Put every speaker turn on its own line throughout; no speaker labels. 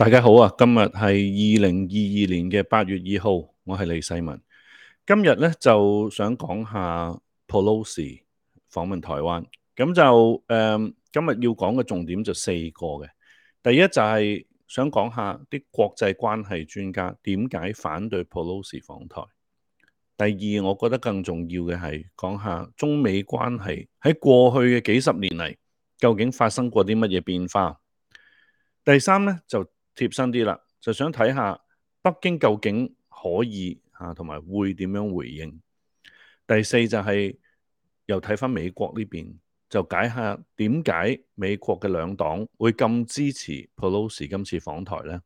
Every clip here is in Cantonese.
大家好啊！今日係二零二二年嘅八月二號，我係李世民。今日咧就想講下 Pelosi 訪問台灣，咁就誒、嗯、今日要講嘅重點就四個嘅。第一就係想講下啲國際關係專家點解反對 Pelosi 訪台。第二，我覺得更重要嘅係講下中美關係喺過去嘅幾十年嚟，究竟發生過啲乜嘢變化。第三咧就，貼身啲啦，就想睇下北京究竟可以嚇同埋會點樣回應。第四就係、是、又睇翻美國呢邊，就解下點解美國嘅兩黨會咁支持 Pelosi 今次訪台呢？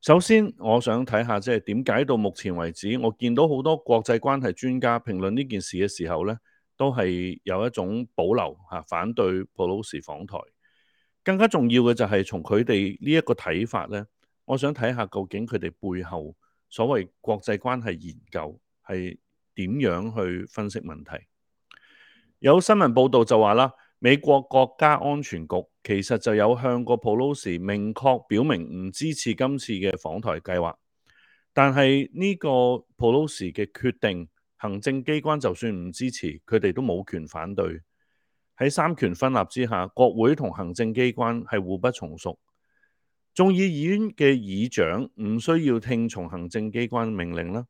首先我想睇下即係點解到目前為止，我見到好多國際關係專家評論呢件事嘅時候呢，都係有一種保留嚇反對 Pelosi 訪台。更加重要嘅就係從佢哋呢一個睇法咧，我想睇下究竟佢哋背後所謂國際關係研究係點樣去分析問題。有新聞報道就話啦，美國國家安全局其實就有向過普魯士明確表明唔支持今次嘅訪台計劃，但係呢個普魯士嘅決定，行政機關就算唔支持，佢哋都冇權反對。喺三權分立之下，國會同行政機關，係互不從屬，眾議院嘅議長唔需要聽從行政機關命令啦。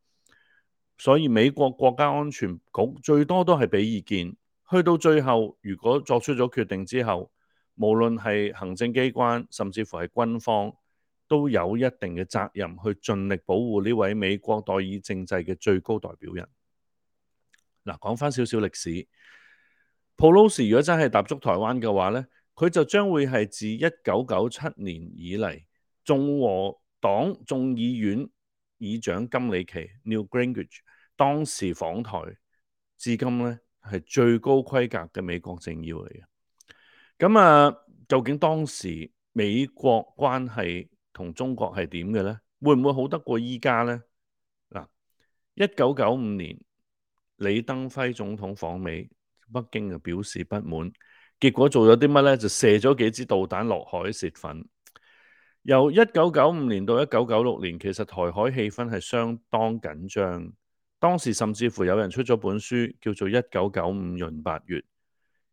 所以美國國家安全局最多都係俾意見，去到最後如果作出咗決定之後，無論係行政機關甚至乎係軍方，都有一定嘅責任去盡力保護呢位美國代議政制嘅最高代表人。嗱，講翻少少歷史。Pelosi 如果真係踏足台灣嘅話咧，佢就將會係自一九九七年以嚟，共和黨眾議院議長金里奇 （Newt Gingrich） 當時訪台，至今咧係最高規格嘅美國政要嚟嘅。咁啊，究竟當時美國關係同中國係點嘅咧？會唔會好得過依家咧？嗱，一九九五年李登輝總統訪美。北京就表示不滿，結果做咗啲乜呢？就射咗幾支導彈落海洩憤。由一九九五年到一九九六年，其實台海氣氛係相當緊張。當時甚至乎有人出咗本書，叫做《一九九五閏八月》。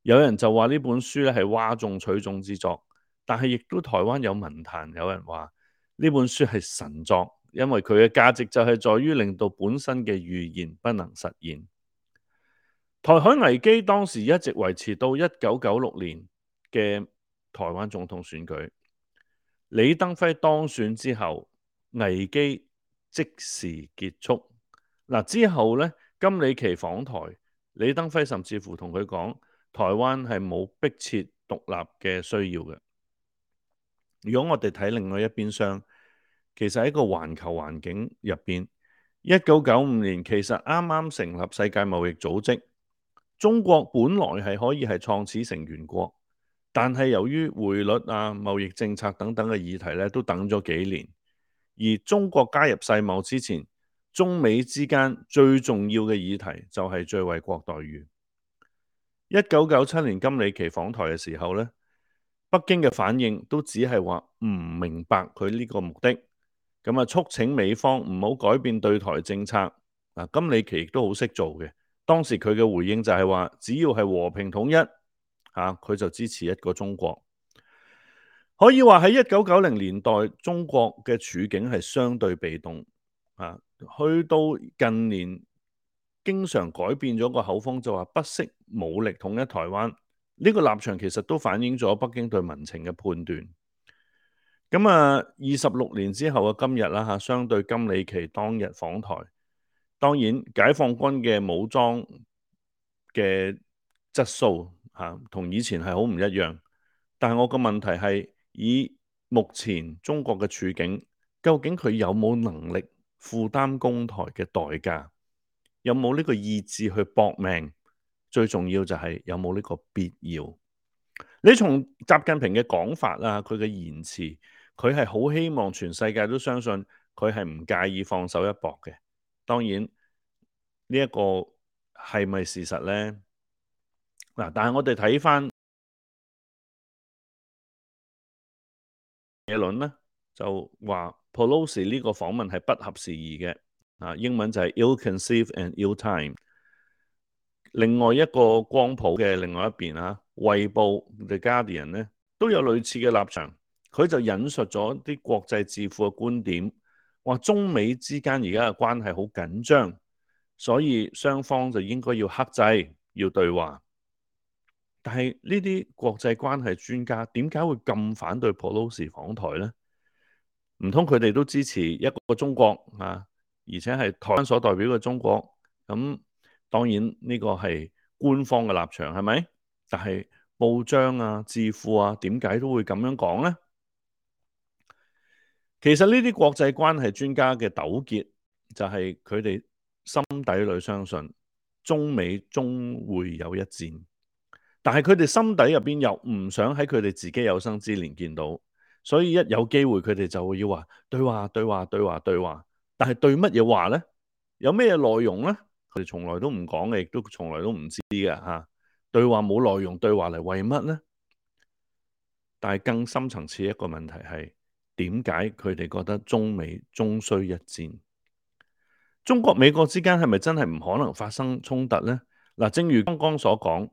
有人就話呢本書咧係嘩眾取寵之作，但係亦都台灣有文壇有人話呢本書係神作，因為佢嘅價值就係在於令到本身嘅預言不能實現。台海危機當時一直維持到一九九六年嘅台灣總統選舉，李登輝當選之後，危機即時結束。嗱，之後呢，金里奇訪台，李登輝甚至乎同佢講，台灣係冇迫切獨立嘅需要嘅。如果我哋睇另外一邊廂，其實喺個環球環境入邊，一九九五年其實啱啱成立世界貿易組織。中國本來係可以係創始成員國，但係由於匯率啊、貿易政策等等嘅議題咧，都等咗幾年。而中國加入世貿之前，中美之間最重要嘅議題就係最惠國待遇。一九九七年金里奇訪台嘅時候咧，北京嘅反應都只係話唔明白佢呢個目的，咁啊，促請美方唔好改變對台政策。嗱，金里奇亦都好識做嘅。當時佢嘅回應就係話，只要係和平統一，吓佢就支持一個中國。可以話喺一九九零年代，中國嘅處境係相對被動啊。去到近年，經常改變咗個口風，就話不惜武力統一台灣呢個立場，其實都反映咗北京對民情嘅判斷。咁啊，二十六年之後嘅今日啦，吓相對金里奇當日訪台。當然，解放軍嘅武裝嘅質素啊同以前係好唔一樣。但我個問題係，以目前中國嘅處境，究竟佢有冇能力負擔攻台嘅代價？有冇呢個意志去搏命？最重要就係有冇呢個必要？你從習近平嘅講法啊，佢嘅言辭，佢係好希望全世界都相信佢係唔介意放手一搏嘅。當然呢、這個個係咪事實呢？啊、但係我哋睇翻耶倫呢就話 Pelosi 呢個訪問係不合時宜嘅。啊，英文就係 Ill-conceived and ill-time。另外一個光譜嘅另外一邊啊，《衛報》The Guardian 都有類似嘅立場，佢就引述咗啲國際智庫嘅觀點。話中美之間而家嘅關係好緊張，所以雙方就應該要克制、要對話。但係呢啲國際關係專家點解會咁反對普魯士訪台呢？唔通佢哋都支持一個中國啊？而且係台灣所代表嘅中國，咁當然呢個係官方嘅立場，係咪？但係報章啊、智庫啊，點解都會噉樣講呢？其實呢啲國際關係專家嘅糾結，就係佢哋心底裏相信中美終會有一戰，但係佢哋心底入邊又唔想喺佢哋自己有生之年見到，所以一有機會佢哋就會要話，對話對話、對話、對話、對話，但係對乜嘢話呢？有咩內容呢？佢哋從來都唔講嘅，亦都從來都唔知嘅吓、啊。對話冇內容，對話嚟為乜呢？但係更深層次一個問題係。點解佢哋覺得中美終需一戰？中國美國之間係咪真係唔可能發生衝突呢？嗱，正如剛剛所講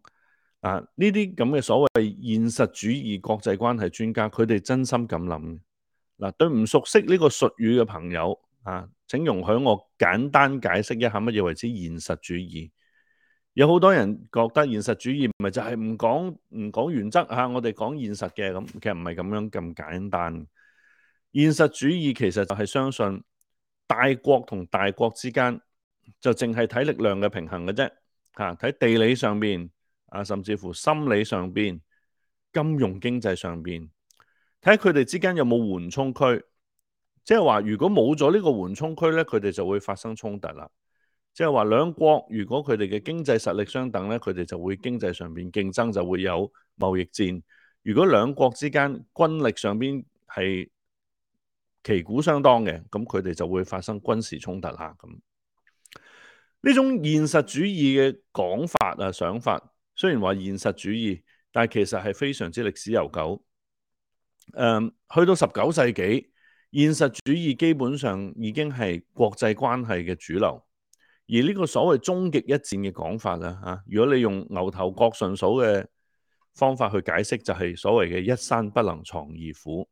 啊，呢啲咁嘅所謂現實主義國際關係專家，佢哋真心咁諗嘅嗱。對唔熟悉呢個術語嘅朋友啊，請容許我簡單解釋一下乜嘢為之現實主義。有好多人覺得現實主義唔係就係唔講唔講原則吓，我哋講現實嘅咁，其實唔係咁樣咁簡單。現實主義其實就係相信大國同大國之間就淨係睇力量嘅平衡嘅啫。吓，睇地理上邊啊，甚至乎心理上邊、金融經濟上邊，睇下佢哋之間有冇緩衝區。即係話，如果冇咗呢個緩衝區咧，佢哋就會發生衝突啦。即係話，兩國如果佢哋嘅經濟實力相等咧，佢哋就會經濟上邊競爭就會有貿易戰。如果兩國之間軍力上邊係旗鼓相當嘅，咁佢哋就會發生軍事衝突啦。咁呢種現實主義嘅講法啊、想法，雖然話現實主義，但其實係非常之歷史悠久。嗯、去到十九世紀，現實主義基本上已經係國際關係嘅主流。而呢個所謂終極一戰嘅講法啦，吓，如果你用牛頭角順嫂嘅方法去解釋，就係、是、所謂嘅一山不能藏二虎。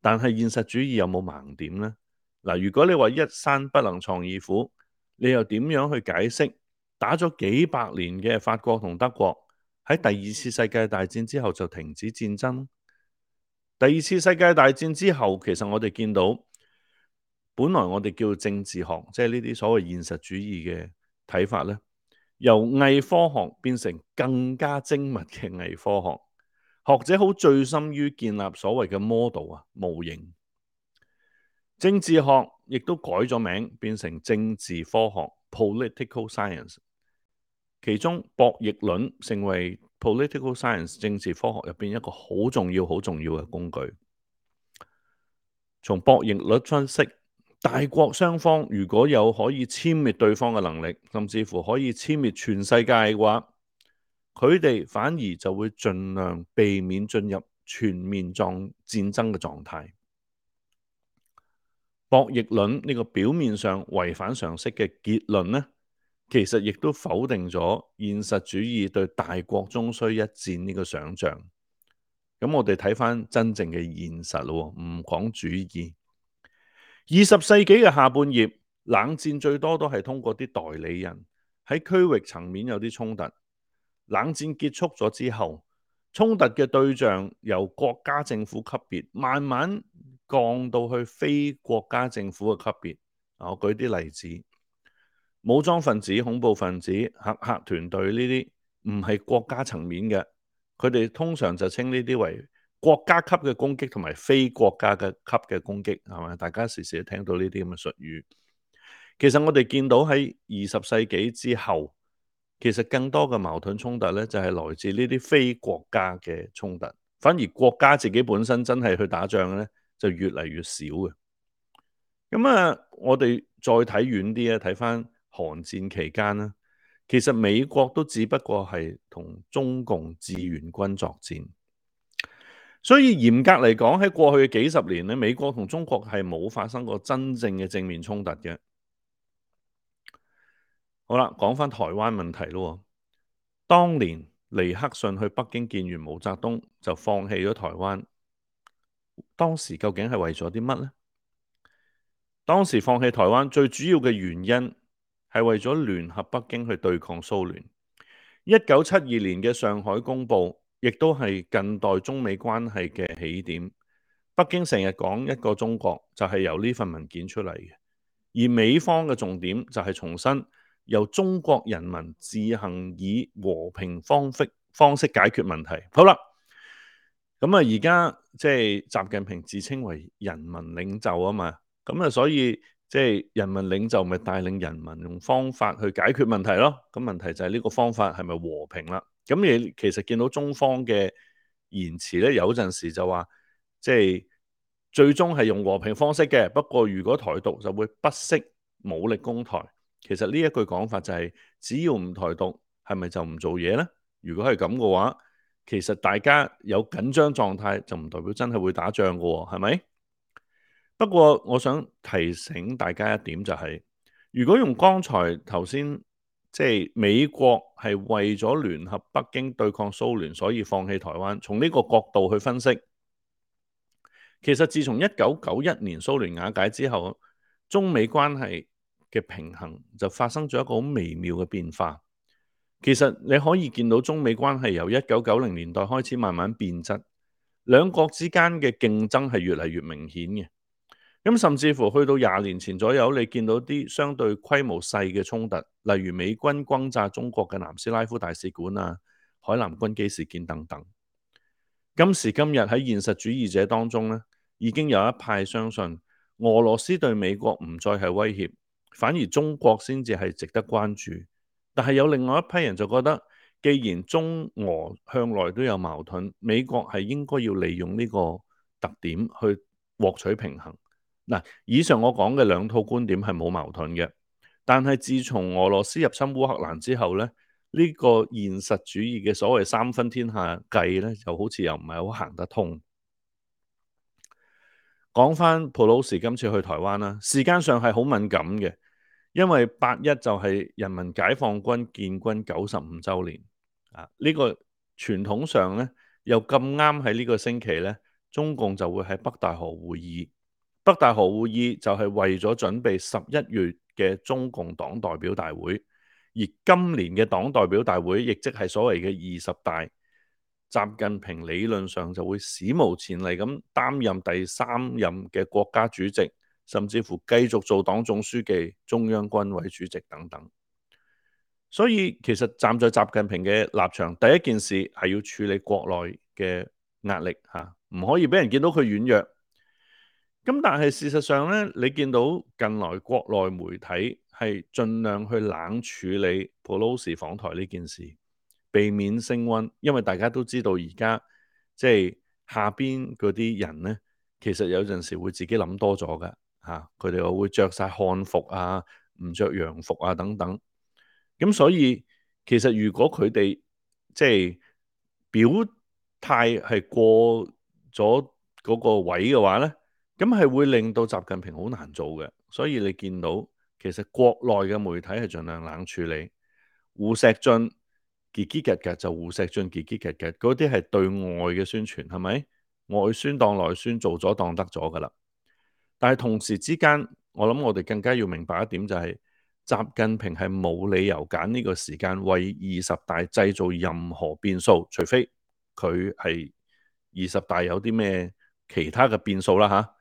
但是現實主義有冇盲點呢？嗱，如果你話一山不能藏二虎，你又點樣去解釋打咗幾百年嘅法國同德國喺第二次世界大戰之後就停止戰爭？第二次世界大戰之後，其實我哋見到本來我哋叫政治學，即係呢啲所謂現實主義嘅睇法呢，由偽科學變成更加精密嘅偽科學。學者好醉心於建立所謂嘅 model 啊，模型。政治學亦都改咗名，變成政治科學 （political science）。其中博弈論成為 political science 政治科學入邊一個好重要、好重要嘅工具。從博弈率分析，大國雙方如果有可以殲滅對方嘅能力，甚至乎可以殲滅全世界嘅話。佢哋反而就會盡量避免進入全面狀戰爭嘅狀態。博弈論呢個表面上違反常識嘅結論呢，其實亦都否定咗現實主義對大國終須一戰呢個想象。咁我哋睇返真正嘅現實咯，唔講主義。二十世紀嘅下半葉，冷戰最多都係通過啲代理人，喺區域層面有啲衝突。冷戰結束咗之後，衝突嘅對象由國家政府級別慢慢降到去非國家政府嘅級別。我舉啲例子，武裝分子、恐怖分子、黑客、客團隊呢啲唔係國家層面嘅，佢哋通常就稱呢啲為國家級嘅攻擊同埋非國家嘅級嘅攻擊，係嘛？大家時時都聽到呢啲咁嘅術語。其實我哋見到喺二十世紀之後。其實更多嘅矛盾衝突呢，就係來自呢啲非國家嘅衝突，反而國家自己本身真係去打仗呢，就越嚟越少嘅。咁啊，我哋再睇遠啲啊，睇返韓戰期間啦，其實美國都只不過係同中共志願軍作戰，所以嚴格嚟講，喺過去幾十年呢，美國同中國係冇發生過真正嘅正面衝突嘅。好啦，講返台灣問題咯。當年尼克遜去北京見完毛澤東，就放棄咗台灣。當時究竟係為咗啲乜呢？當時放棄台灣最主要嘅原因係為咗聯合北京去對抗蘇聯。一九七二年嘅上海公報，亦都係近代中美關係嘅起點。北京成日講一個中國，就係由呢份文件出嚟嘅。而美方嘅重點就係重申。由中國人民自行以和平方式方式解決問題。好啦，咁啊，而家即係習近平自稱為人民領袖啊嘛，咁啊，所以即係人民領袖咪帶領人民用方法去解決問題咯。咁問題就係呢個方法係咪和平啦？咁你其實見到中方嘅言辭咧，有陣時就話即係最終係用和平方式嘅，不過如果台獨就會不惜武力攻台。其實呢一句講法就係，只要唔台獨，係咪就唔做嘢呢？如果係咁嘅話，其實大家有緊張狀態就唔代表真係會打仗噶，係咪？不過我想提醒大家一點就係，如果用剛才頭先即係美國係為咗聯合北京對抗蘇聯，所以放棄台灣，從呢個角度去分析，其實自從一九九一年蘇聯瓦解之後，中美關係。嘅平衡就發生咗一個好微妙嘅變化。其實你可以見到中美關係由一九九零年代開始慢慢變質，兩國之間嘅競爭係越嚟越明顯嘅。咁甚至乎去到廿年前左右，你見到啲相對規模細嘅衝突，例如美軍轟炸中國嘅南斯拉夫大使館啊、海南軍機事件等等。今時今日喺現實主義者當中呢，已經有一派相信俄羅斯對美國唔再係威脅。反而中國先至係值得關注，但係有另外一批人就覺得，既然中俄向來都有矛盾，美國係應該要利用呢個特點去獲取平衡。嗱，以上我講嘅兩套觀點係冇矛盾嘅，但係自從俄羅斯入侵烏克蘭之後咧，呢個現實主義嘅所謂三分天下計咧，就好似又唔係好行得通。講翻普魯士今次去台灣啦，時間上係好敏感嘅，因為八一就係人民解放軍建軍九十五周年啊，呢、這個傳統上呢，又咁啱喺呢個星期呢，中共就會喺北戴河會議。北戴河會議就係為咗準備十一月嘅中共黨代表大會，而今年嘅黨代表大會亦即係所謂嘅二十大。習近平理論上就會史無前例咁擔任第三任嘅國家主席，甚至乎繼續做黨總書記、中央軍委主席等等。所以其實站在習近平嘅立場，第一件事係要處理國內嘅壓力吓，唔可以俾人見到佢軟弱。咁但係事實上咧，你見到近來國內媒體係盡量去冷處理普羅士訪台呢件事。避免升溫，因為大家都知道而家即係下邊嗰啲人咧，其實有陣時會自己諗多咗噶吓，佢哋又會着晒漢服啊，唔着洋服啊等等。咁所以其實如果佢哋即係表態係過咗嗰個位嘅話咧，咁係會令到習近平好難做嘅。所以你見到其實國內嘅媒體係盡量冷處理，胡錫進。結結夾夾嘅就胡錫進結結夾夾嘅，嗰啲係對外嘅宣傳係咪？外宣當內宣做咗當得咗噶啦。但係同時之間，我諗我哋更加要明白一點就係、是，習近平係冇理由揀呢個時間為二十大製造任何變數，除非佢係二十大有啲咩其他嘅變數啦吓。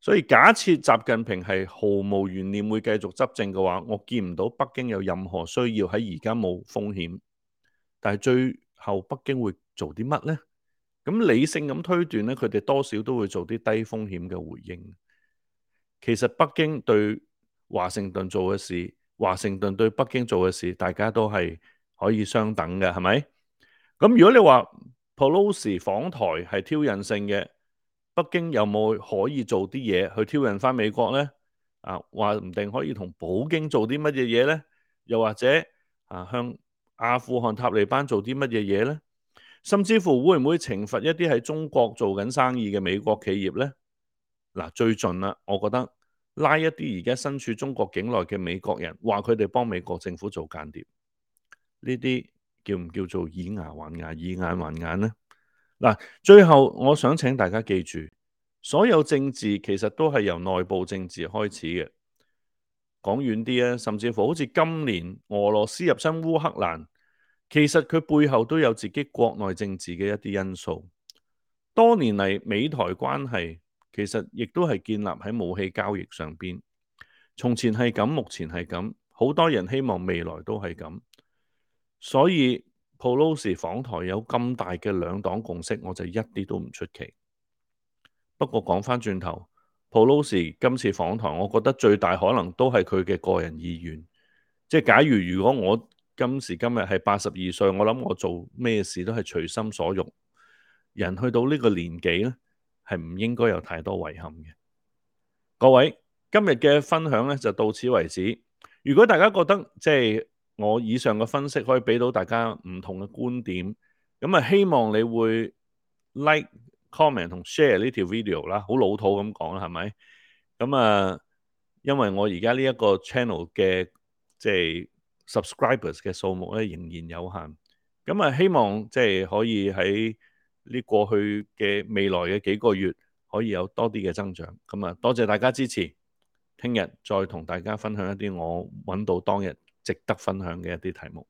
所以假設習近平係毫無懸念會繼續執政嘅話，我見唔到北京有任何需要喺而家冇風險。但係最後北京會做啲乜咧？咁理性咁推斷咧，佢哋多少都會做啲低風險嘅回應。其實北京對華盛頓做嘅事，華盛頓對北京做嘅事，大家都係可以相等嘅，係咪？咁如果你話 Pelosi 訪台係挑釁性嘅，北京有冇可以做啲嘢去挑釁翻美國咧？啊，話唔定可以同普京做啲乜嘢嘢咧？又或者啊向阿富汗塔利班做啲乜嘢嘢呢？甚至乎會唔會懲罰一啲喺中國做緊生意嘅美國企業呢？嗱，最近啦，我覺得拉一啲而家身處中國境內嘅美國人，話佢哋幫美國政府做間諜，呢啲叫唔叫做以牙還牙、以眼還眼呢？嗱，最後我想請大家記住，所有政治其實都係由內部政治開始嘅。講遠啲啊，甚至乎好似今年俄羅斯入侵烏克蘭。其實佢背後都有自己國內政治嘅一啲因素。多年嚟，美台關係其實亦都係建立喺武器交易上邊。從前係咁，目前係咁，好多人希望未來都係咁。所以佩洛西訪台有咁大嘅兩黨共識，我就一啲都唔出奇。不過講返轉頭，佩洛西今次訪台，我覺得最大可能都係佢嘅個人意願。即係假如如果我。今時今日係八十二歲，我諗我做咩事都係隨心所欲。人去到呢個年紀呢，係唔應該有太多遺憾嘅。各位今日嘅分享呢，就到此為止。如果大家覺得即係、就是、我以上嘅分析可以俾到大家唔同嘅觀點，咁啊希望你會 like、comment 同 share 呢條 video 啦。好老土咁講啦，係咪？咁啊，因為我而家呢一個 channel 嘅即係。就是 subscribers 嘅數目咧仍然有限，咁啊希望、即係、可以喺呢過去嘅未來嘅幾個月可以有多啲嘅增長，咁啊多謝大家支持，聽日再同大家分享一啲我揾到當日值得分享嘅一啲題目。